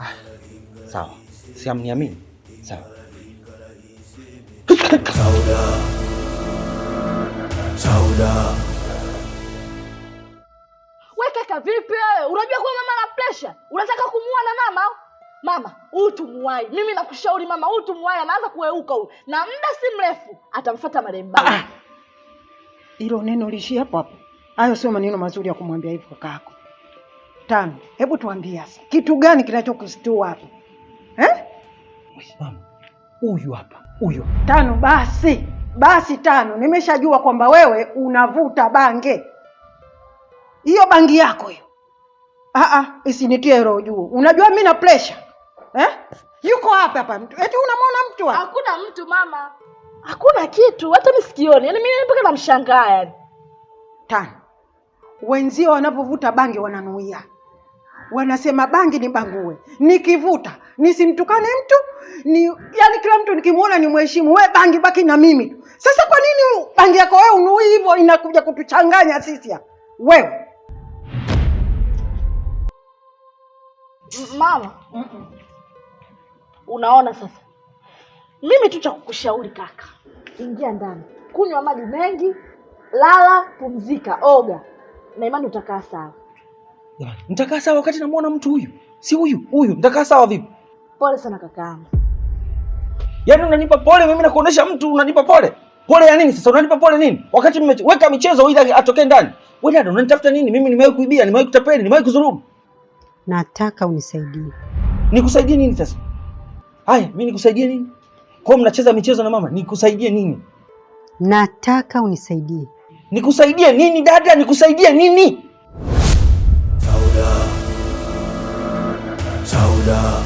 Ah, sawa, siamniamini sawa. Sauda, Sauda, we kaka, vipi wewe? Unajua kuwa mama na presha, unataka kumuua na mama mama huyu tumuwai. Mimi nakushauri mama huyu tumuwai, anaanza kueuka huyu, na muda si mrefu atamfuata maremba. Ah! Hilo neno lishi hapo hapo. Hayo sio maneno mazuri ya kumwambia hivyo kaka tano. Hebu tuambie sasa, kitu gani kinachokustua hapa eh? Mama, huyu hapa huyo. Tano basi basi, Tano, nimeshajua kwamba wewe unavuta bange. Hiyo bangi yako hiyo, ah -ah, isinitie roho juu. Unajua mimi na pressure eh? Yuko hapa hapa mtu, eti unamwona mtu hapa? Hakuna mtu mama, hakuna kitu, hata misikioni. Yaani mimi mpaka namshangaa yani. Tano, wenzio wanapovuta bange wananuia wanasema bangi ni bangue, nikivuta nisimtukane mtu ni, yani kila mtu nikimwona ni mheshimu. We bangi baki na mimi Sasa kwa nini bangi yako wewe unui hivyo, inakuja kutuchanganya sisi wewe mama? mm -mm. Unaona sasa, mimi tu cha kukushauri kaka, ingia ndani, kunywa maji mengi, lala, pumzika, oga na imani utakaa sawa. Jamani, nitakaa sawa wakati namwona mtu huyu, si huyu huyu, nitakaa sawa vipi? Pole sana kakaangu. Yaani unanipa pole mimi, nakuonesha mtu unanipa pole. Pole ya nini sasa? Unanipa pole nini? Wakati mmeweka michezo ili atokee ndani. Wewe dada, unanitafuta nini? Mimi nimewahi kuibia, nimewahi kutapeli, nimewahi kuzurumu. Nataka unisaidie. Nikusaidie nini sasa? Haya, mimi nikusaidie nini? Kwa mnacheza michezo na mama, nikusaidie nini? Nataka unisaidie. Nikusaidie nini dada? Nikusaidie nini? Sauda Sauda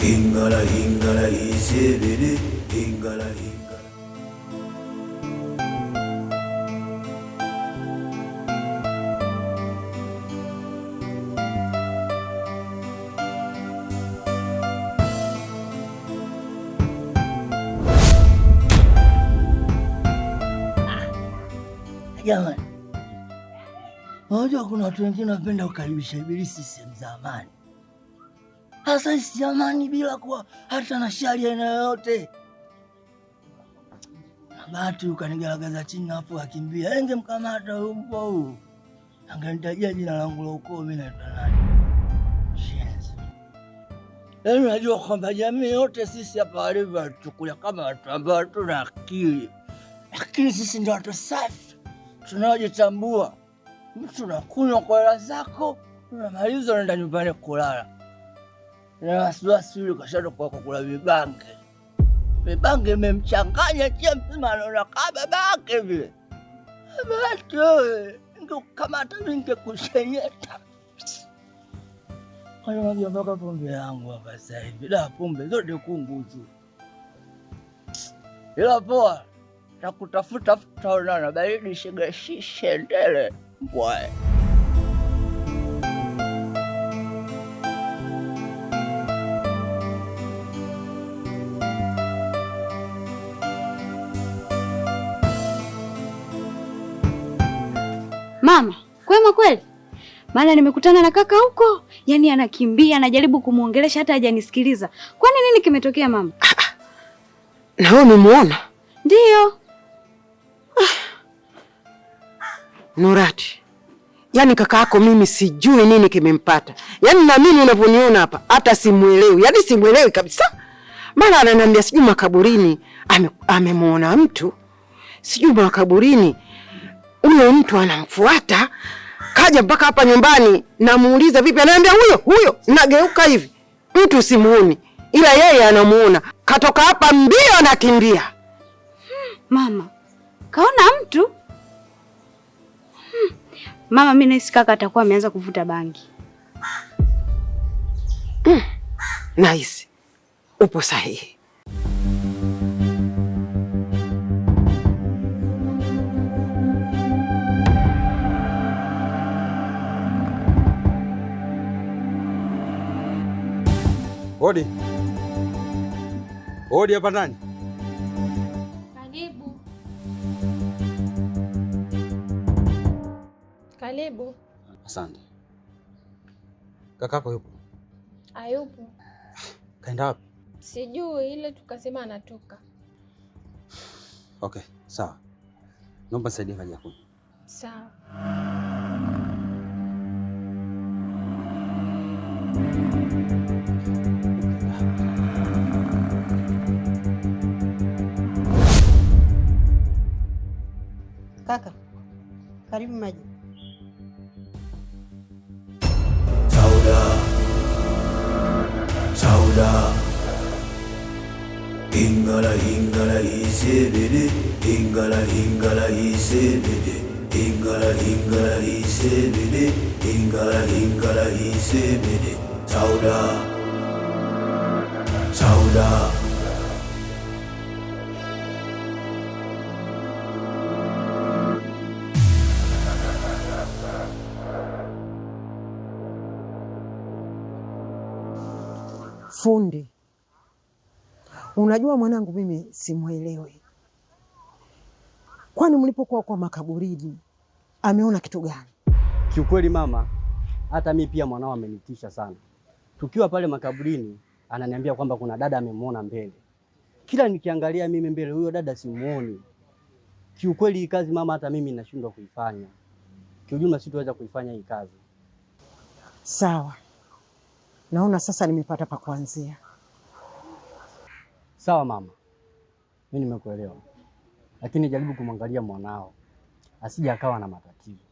Hingala hingala isebili Hingala hingala Unajua kuna watu wengine wanapenda kukaribisha ibilisi sehemu za amani, hasa isi amani bila kuwa hata na shari aina yoyote. Na bahati ukanigaragaza chini, hapo akimbia enge mkamata huyu mbwa huyu, angenitajia jina langu la ukoo, mimi naitwa nani? Shenzi. Yaani unajua kwamba jamii yote sisi hapa walivyo tuchukulia kama watu ambao hatuna akili, lakini sisi ndio watu safi tunaojitambua mtu unakunywa kwa hela zako, unamaliza unaenda nyumbani kulala. Na wasiwasi yule kashado kwa kula vibange, vibange imemchanganya chia mzima, anaona kaa babake vile. Babake ningekukamata ningekushenyeta. Kwa hiyo mpaka pombe yangu hapa sasa hivi, da pombe zote kunguzu, ila poa takutafuta futaonana baridi shigashishe ndele What? Mama, kwema kweli? Maana nimekutana na kaka huko, yaani anakimbia, anajaribu kumwongelesha hata hajanisikiliza. Kwani nini kimetokea mama? Ah, ah. Na wewe umemuona? Ndiyo. Nurati, yaani kaka yako mimi sijui nini kimempata, yaani na mimi unavyoniona hapa hata simwelewi, yaani simwelewi kabisa. Mara ananiambia sijui makaburini amemwona ame mtu sijui makaburini, huyo mtu anamfuata kaja mpaka hapa nyumbani. Namuuliza vipi, anaambia huyo huyo. Nageuka hivi, mtu simuoni, ila yeye anamuona. Katoka hapa mbio anakimbia. Hmm, mama kaona mtu Hmm. Mama, mimi nahisi kaka atakuwa ameanza kuvuta bangi. Hmm. Nice. Upo sahihi. Hodi. Hodi hapa ndani. Karibu. Asante. Kakako yupo? Hayupo. Kaenda wapi? Sijui, ile tukasema anatoka. Okay, sawa. Naomba saidia haja yako. Sawa. Kaka, karibu maji. Ingala ingala ingala ingala hisebede Hingala ingala ingala Hingala hingala ingala ingala hingala hisebede Sauda Sauda fundi, unajua mwanangu, mimi simwelewi. Kwani mlipokuwa kwa makaburini ameona kitu gani? Kiukweli mama, hata mi pia mwanao amenitisha sana. Tukiwa pale makaburini, ananiambia kwamba kuna dada amemwona mbele. Kila nikiangalia mimi mbele, huyo dada simuoni. Kiukweli hii kazi mama, hata mimi nashindwa kuifanya. Kiujumla, situweza kuifanya hii kazi. Sawa naona sasa nimepata pa kuanzia. Sawa mama, mimi nimekuelewa, lakini jaribu kumwangalia mwanao asije akawa na matatizo.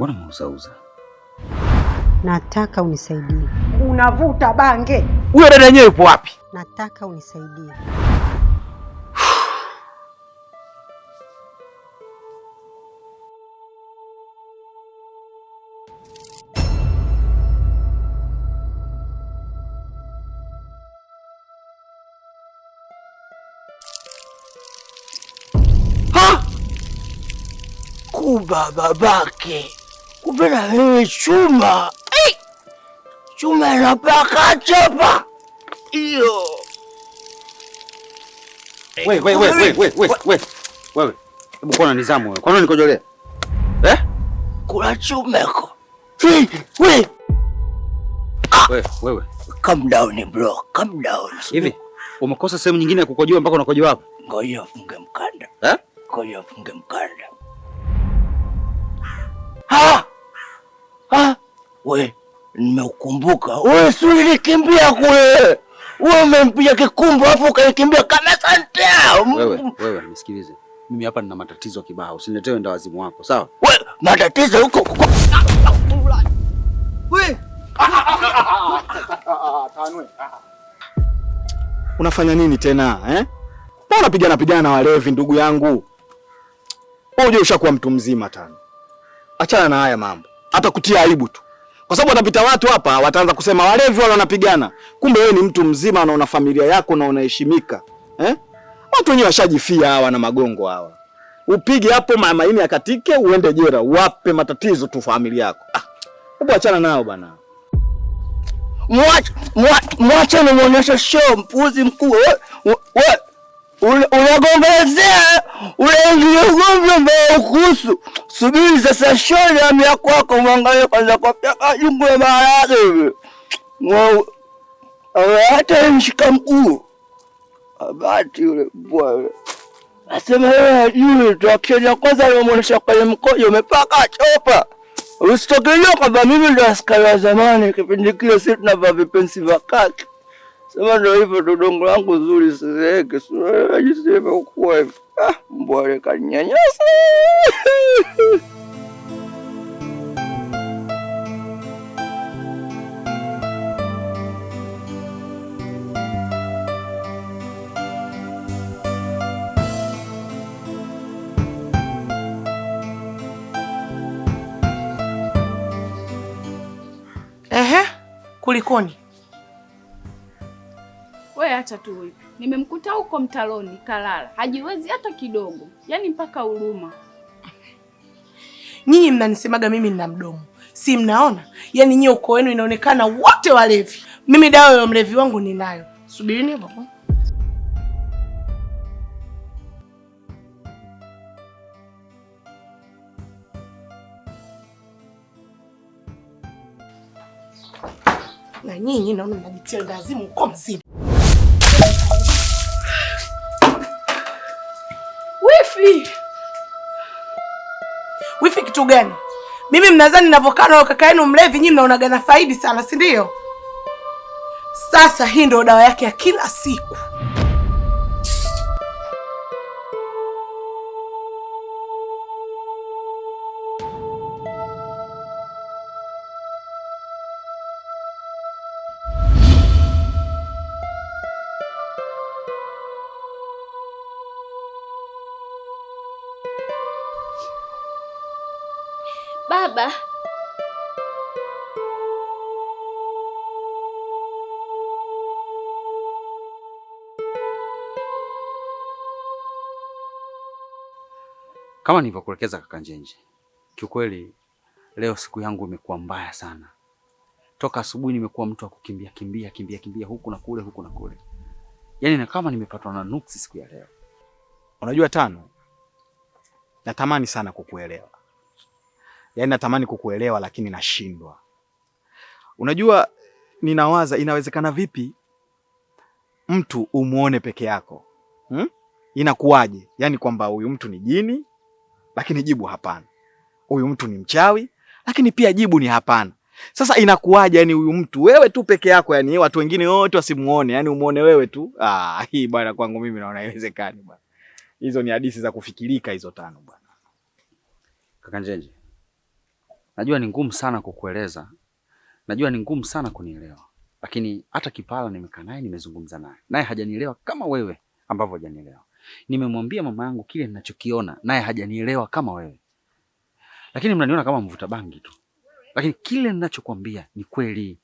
Mbona mauzauza? Nataka unisaidie. Unavuta bange. Huyo dada yenyewe yupo wapi? Nataka unisaidie. Kuba babake Kumbe na wewe chuma. Hey! Chuma inapaka chapa. Iyo. Wewe wewe wewe wewe wewe. Wewe. Hebu kwa nizamu wewe. Kwa nini nikojolea? Eh? kula chuma yako. Hey, wewe. Ah. Wewe wewe. Calm down bro. Calm down. Hivi umekosa sehemu nyingine ya kukojoa mpaka unakojoa hapa? Ngoja funge mkanda. Eh? Ngoja funge mkanda. Ha! Ah, we nimeukumbuka. Wewe si ulikimbia kule, wewe umempiga kikumbo afu ukanikimbia kama santea. Wewe wewe, nisikilize mimi, hapa nina matatizo kibao, usiniletee enda wazimu wako, sawa? We, matatizo huko huko. Wewe unafanya nini tena eh? Unapigana pigana na walevi, ndugu yangu. Wewe ushakuwa mtu mzima tano, achana na haya mambo hata kutia aibu tu, kwa sababu watapita watu hapa wataanza kusema walevi wale wanapigana, kumbe wewe ni mtu mzima na una familia yako na unaheshimika eh? Watu wenyewe washajifia hawa na magongo hawa, upige hapo mamaini akatike, uende jera, wape matatizo tu familia yako. Ah, achana nao bana. Mwache mwache, muonyeshe show mpuzi mkuu wewe unagombezea unaingiugumvombaokusu subiri sasa, shona amia kwako mwangalie kwanza, kapyakajungule maharage hivi hata mshika mguu abati yule bwana asema yeye hajui tu, akija kwanza anamwonyesha kwenye mkojo umepaka chopa. Usitokelea kwamba mimi ndo askari wa zamani kipindi kile, si tunavaa vipensi vya kaki Sema ndio hivyo tu, dongo langu zuri sizeeke, jinsi ilivyokuwa hivi. Ah, mbwa yule Ehe, kulikoni? Nimeacha tu hivi. nimemkuta huko mtaloni kalala, hajiwezi hata kidogo, yaani mpaka huruma. Nyinyi mnanisemaga mimi nina mdomo, si mnaona? Yaani nyie uko wenu inaonekana wote walevi. Mimi dawa ya mlevi wangu ninayo, subirini baba. Na nyinyi naona mnajitia ndazimu uko msini kitu gani? Mimi mnadhani ninavyokaa na kaka yenu mlevi, nyinyi mnaonagana faidi sana, si ndio? Sasa hii ndio dawa yake ya kila siku. Baba. Kama nilivyokuelekeza kaka Njenje, kiukweli leo siku yangu imekuwa mbaya sana. Toka asubuhi nimekuwa mtu wa kukimbia kimbia kimbia kimbia huku na kule huku na kule, yaani na kama nimepatwa na nuksi siku ya leo. Unajua Tano, natamani sana kukuelewa yaani natamani kukuelewa lakini nashindwa. Unajua, ninawaza inawezekana vipi mtu umuone peke yako hmm? Inakuwaje? Yaani kwamba huyu mtu ni jini, lakini jibu hapana. Huyu mtu ni mchawi, lakini pia jibu ni hapana. Sasa inakuwaje? Yani huyu mtu wewe tu peke yako, yani watu wengine wote wasimuone, yani umuone wewe tu. Ah, hii bwana, kwangu mimi naona haiwezekani bwana. Hizo ni hadithi za kufikirika hizo tano bwana. Kaka Njenje, Najua ni ngumu sana kukueleza, najua ni ngumu sana kunielewa, lakini hata Kipala nimekaa naye, nimezungumza naye, naye hajanielewa kama wewe ambavyo hajanielewa. Nimemwambia mama yangu kile ninachokiona, naye hajanielewa kama wewe, lakini mnaniona kama mvuta bangi tu. Lakini kile ninachokwambia ni kweli,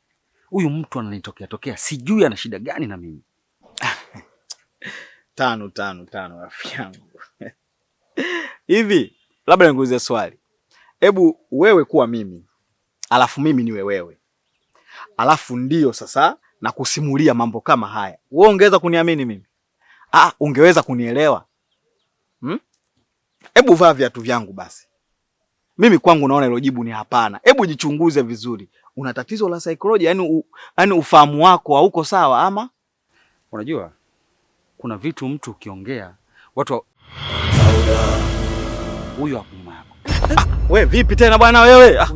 huyu mtu ananitokea tokea, sijui ana shida gani na mimi. tano tano tano, rafiki yangu hivi labda nikuulize swali hebu wewe kuwa mimi, alafu mimi niwe wewe, alafu ndio sasa na kusimulia mambo kama haya, wewe ungeweza kuniamini mimi? Ah, ungeweza kunielewa? Hebu hmm? vaa viatu vyangu basi. Mimi kwangu naona hilo jibu ni hapana. Hebu jichunguze vizuri, una tatizo la saikolojia, yani yani ufahamu wako hauko sawa. Ama unajua kuna vitu mtu ukiongea watu huyu wa... We vipi tena bwana wewe? Ah,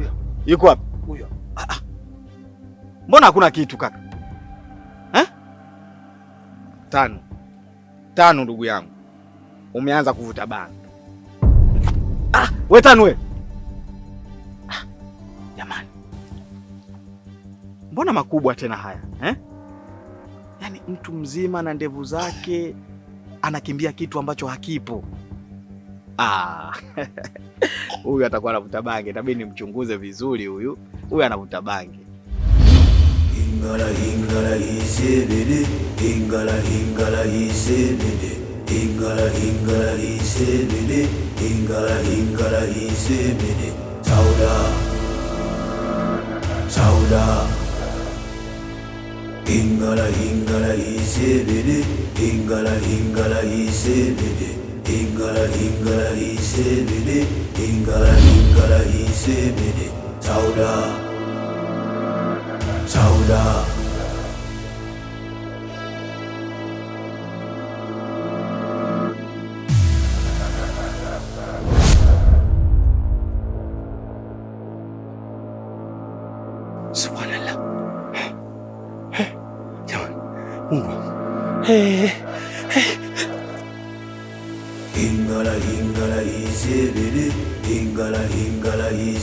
yuko wapi? Huyo. Ah, ah, mbona hakuna kitu kaka? Eh? Tano tano, ndugu yangu, umeanza kuvuta bana. Ah, we tano we. Ah, jamani, mbona makubwa tena haya eh? Yaani mtu mzima na ndevu zake anakimbia kitu ambacho hakipo. Ah. huyu atakuwa anavuta bangi, itabidi nimchunguze vizuri huyu, huyu anavuta bangi. Ingala ingala isebede ingala ingala isebede ingala ingala isebede Dingala dingala ise bede Chowda Chowda Subhanallah. Hey.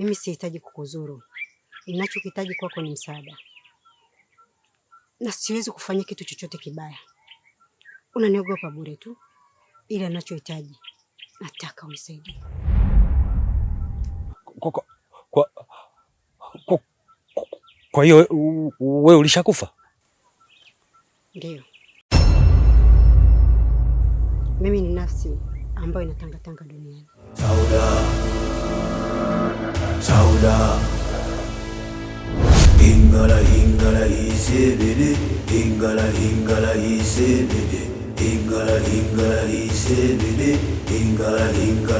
Mimi sihitaji kukuzuru, ninachokihitaji kwako ni msaada, na siwezi kufanya kitu chochote kibaya. Unaniogopa bure tu, ili anachohitaji nataka unisaidie. Kwa hiyo kwa, kwa, wewe ulishakufa? ndio mimi ni nafsi ambayo inatangatanga duniani. Sauda, ingala ingala ise bidi, ingala ingala ise bidi, ingala ingala ise bidi, ingala ingala.